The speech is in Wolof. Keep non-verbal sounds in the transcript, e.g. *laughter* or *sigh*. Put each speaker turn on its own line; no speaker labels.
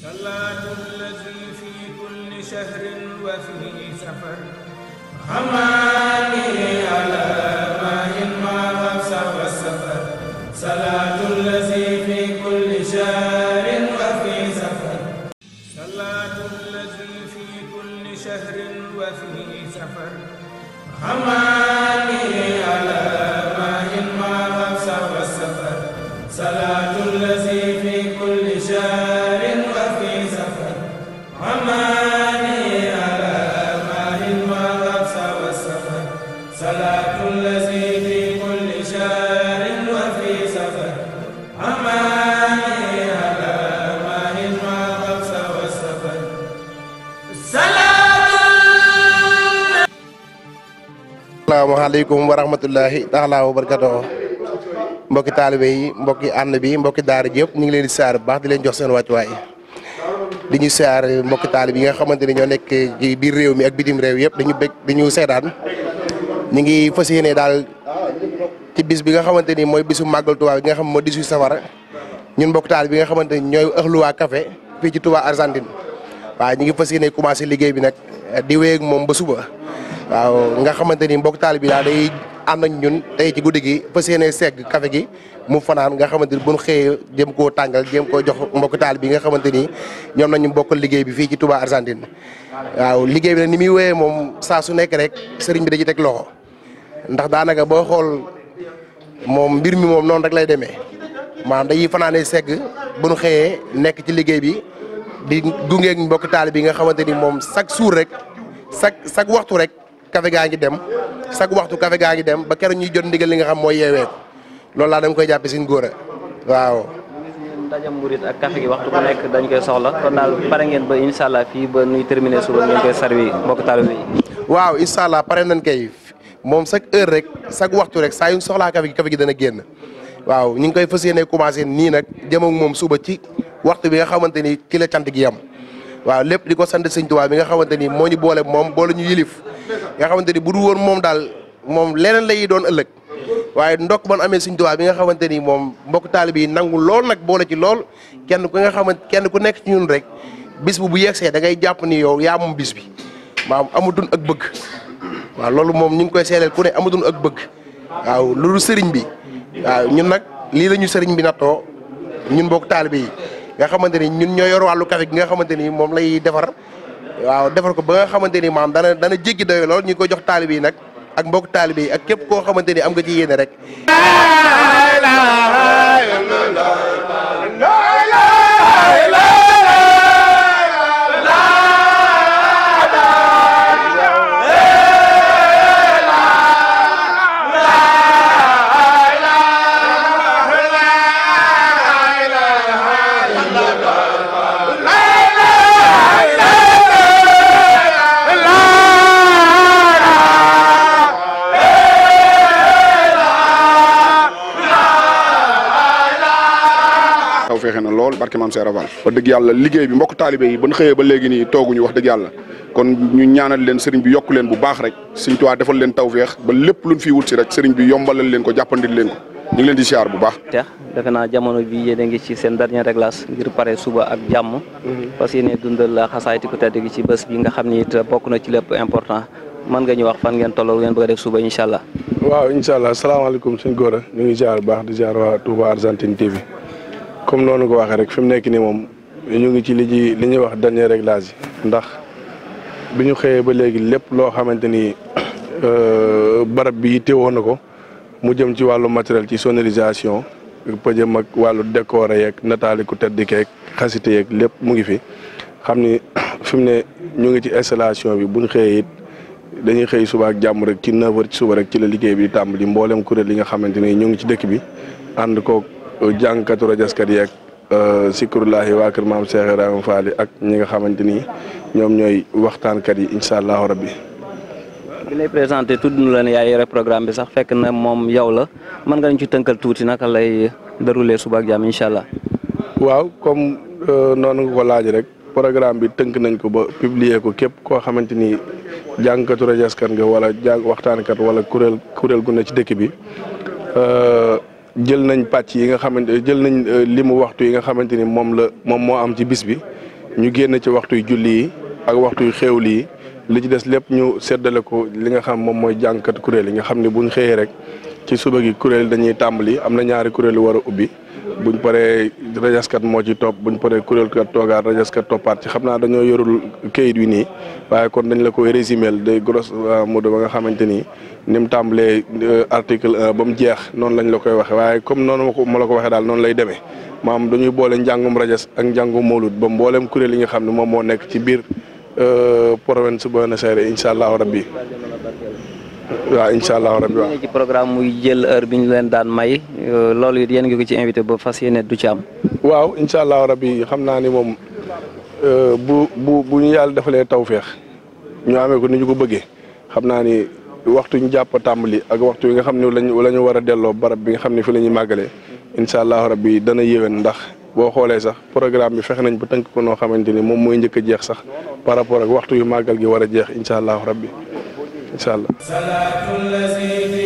صلاة الذي في كل شهر وفي سفر حماني على ماء ما غفص
والسفر صلاة الذي في كل شهر وفي سفر صلاة الذي في كل شهر وفي سفر
حماني
salaamaaleykum wa rahmatullahi taala wa barakaatuh mbokki taalibe yi mbokki ànd bi mbokki daara ji yëpp ñu ngi leen di siyaar bu baax di leen jox seen wàccuwaay di ñu siyaar mbokki taalibe yi nga xamante ne ñoo nekk ci biir réew mi ak bitim réew yëpp dañu bëgg dañu seetaan ñu ngi fas yéene daal ci bis bi nga xamante ni mooy bisu màggal Tuubaa bi nga xam moo 18 safar ñun mbokki taalibe yi nga xamante ni ñooy ëxlu waa café fii ci Touba Argentine waaw ñu ngi fas yéene commencé liggéey bi nag di wéy ak moom ba suba waaw nga xamante ni mbokk taal bi daal day ànd ak ñun tey ci guddi gi fas yéene segg café gi mu fanaan nga xamante ni bu ñu xëyee jëm koo tàngal jëm koo jox mbokk taalibe yi nga xamante ni ñoom nañu bokkal liggéey bi fii ci Touba Argentine waaw liggéey bi ni muy wéyee moom saa su nekk rek sëriñ bi dañuy teg loxo ndax daanaka boo xool moom mbir mi moom noonu rek lay demee maanaam dañuy fanaanee segg bu xëyee nekk ci liggéey bi di gungeeg mbokk taalibe yi nga xamante ni moom chaque jour rek chaque chaque waxtu rek kafe gaa ngi dem chaque waxtu kafe gaa ngi dem ba keroog ñuy jot ndigal li nga xam mooy yeewee ko loolu laa dama koy jàppe sin góor a
waaw dajam murit ak café gi waxtu bu nekk dañ koy soxla kon daal pare ngeen ba incha allah fii ba nuy terminé suba ngeen koy servi mbokk taalibe yi
waaw incha allah pare nañ koy moom chaque heure rek chaque waxtu rek saa yu ñu soxlaa café gi café gi dana génn waaw ñu ngi koy fas yéene commencé nii nag jëm ak moom suba ci waxtu bi nga xamante ni ci la gi yam waaw lépp di ko sant sëñ Tuubaa bi nga xamante ni moo ñu boole moom boole ñu yilif nga xamante ni bu dul woon moom daal moom leneen lay doon ëllëg waaye ndokk man amee suñ tubaab bi nga xamante ni moom mbokk taalib yi nangu lool nag boole ci lool kenn ku nga xamante kenn ku nekk ci ñun rek bis bu bu yegsee da ngay jàpp ni yow yaa bis bi maam amatun ak bëgg waaw loolu moom ñu ngi koy seedeel ku ne ak bëgg sëriñ bi ñun nag lii la ñu sëriñ bi nattoo ñun mbokk taalib yi nga xamante ni ñun ñoo yor wàllu café gi nga xamante ni moom lay defar waaw defar ko ba nga xamante ni maam dana dana jéggi doyo lool ñu ko jox taalibe yi nag ak mbokk taalibe yi ak képp koo xamante ni am nga ci yéene rek
tawféexe na lool barke maam Seera Fall wax dëgg yàlla liggéey bi mbokk taalibe yi ban xëyee ba léegi nii tooguñu wax dëgg yàlla kon ñu ñaanal leen sëriñ bi yokk leen bu baax rek Sëriñ Tuubaa defal leen tawféex ba lépp luñ fi wut si rek sëriñ bi yombalal leen ko jàppandil leen ko
ñu ngi leen di siyaar bu baax te defe naa jamono bi yéen ngi ci seen dernier réglage ngir pare suba ak jàmm parce mhm. que dundal la xasaayati ku tedd gi ci bés nga xam ni it bokk na ci lépp important man nga ñu wax fan ngeen tolloo ngeen bëgg a def suba incha allah
waaw incha allah baax di ziar waa Touba Argentine TV comme noonu ko waxee rek fi mu nekk ni moom ñu ngi ci li ji li ñuy wax dernier réglage yi ndax bi ñu xëyee ba léegi lépp loo xamante ni euh, barab bi yittewoon na ko mu jëm ci wàllu matériel ci sonorisation pëjëm mag wàllu décor yeeg nataaliku tedd keeg xasité yeeg lépp mu ngi fi xam ni *coughs* fi mu ne ñu ngi ci installation bi bu ñu xëyee dañuy xëy suba ak jàmm rek ci 9h ci suba rek ci la liggéey bi di tàmbali mboolem kuréel yi nga xamante ni ñu ngi ci dëkk bi ànd jàngkatu rajaskat yeeg euh, sikrullahi waa kër maam Cheikh Ibrahima Fall ak ñi nga xamante ni ñoom ñooy waxtaankat yi incha allahu rabbi
bi lay présenté tudd na la ne yaay yore programme bi sax fekk na moom yow la mën nga ñu ci tënkal tuuti nag lay déroulé suba ak jàmm allah.
waaw comme euh, noonu nga ko laaj rek programme bi tënk nañ ko ba publier ko képp koo xamante ni jàngkatu rajaskat nga wala jàng waxtaankat wala kuréel kuréel gu ci dëkk bi. Euh, jël nañ pàcc yi nga xamante jël nañ euh, limu waxtu yi nga xamante ni moom la moom moo am ci bis bi ñu génn ci waxtuy julli yi ak waxtuy xéewli yi li ci des lépp ñu seddale ko li nga xam moom mooy jàngkat kuréel yi nga xam ne buñ xëyee rek ci suba gi kuréel dañuy tàmbali am na ñaari kuréel yu war a ubbi buñ paree rajaskat moo ci topp buñ paree kuréelkat toogaat rajaskat toppaat ci xam naa dañoo yorul kayit wi nii waaye kon dañ la koy résumé de grosso euh, modo ba nga xamante ni ni mu tàmbalee euh, article un ba jeex noonu lañ la koy waxee waaye comme noonu ma la ko waxee daal noonu lay demee maam dañuy boole njàngum rajas ak njàngum mawlud ba mbooleem kuréel yi nga xam ne moom moo nekk ci biir euh, province Buenos Aires incha allahu rabbi
waaw incha allah rabbi waaw programme muy jël heure bi ñu leen daan may euh, loolu it yéen ngi ko ci invité ba fas yéene du ci am. waaw incha allah rabbi xam naa ni moom
euh, bu bu bu ñu yàlla defalee feex ñu amee ko ni ñu ko bëggee xam naa ni waxtu ñu jàpp tàmbali ak waxtu yi nga xam ne lañu la ñu war a delloo barab bi nga xam ne fi la ñuy màggalee incha allah rabbi dana yéwén ndax. boo xoolee sax programme bi fexe nañ ba tënk ko noo xamante ni moom mooy njëkk jeex sax par rapport ak waxtu yu màggal gi war a jeex incha allahu rabbi incha
allah.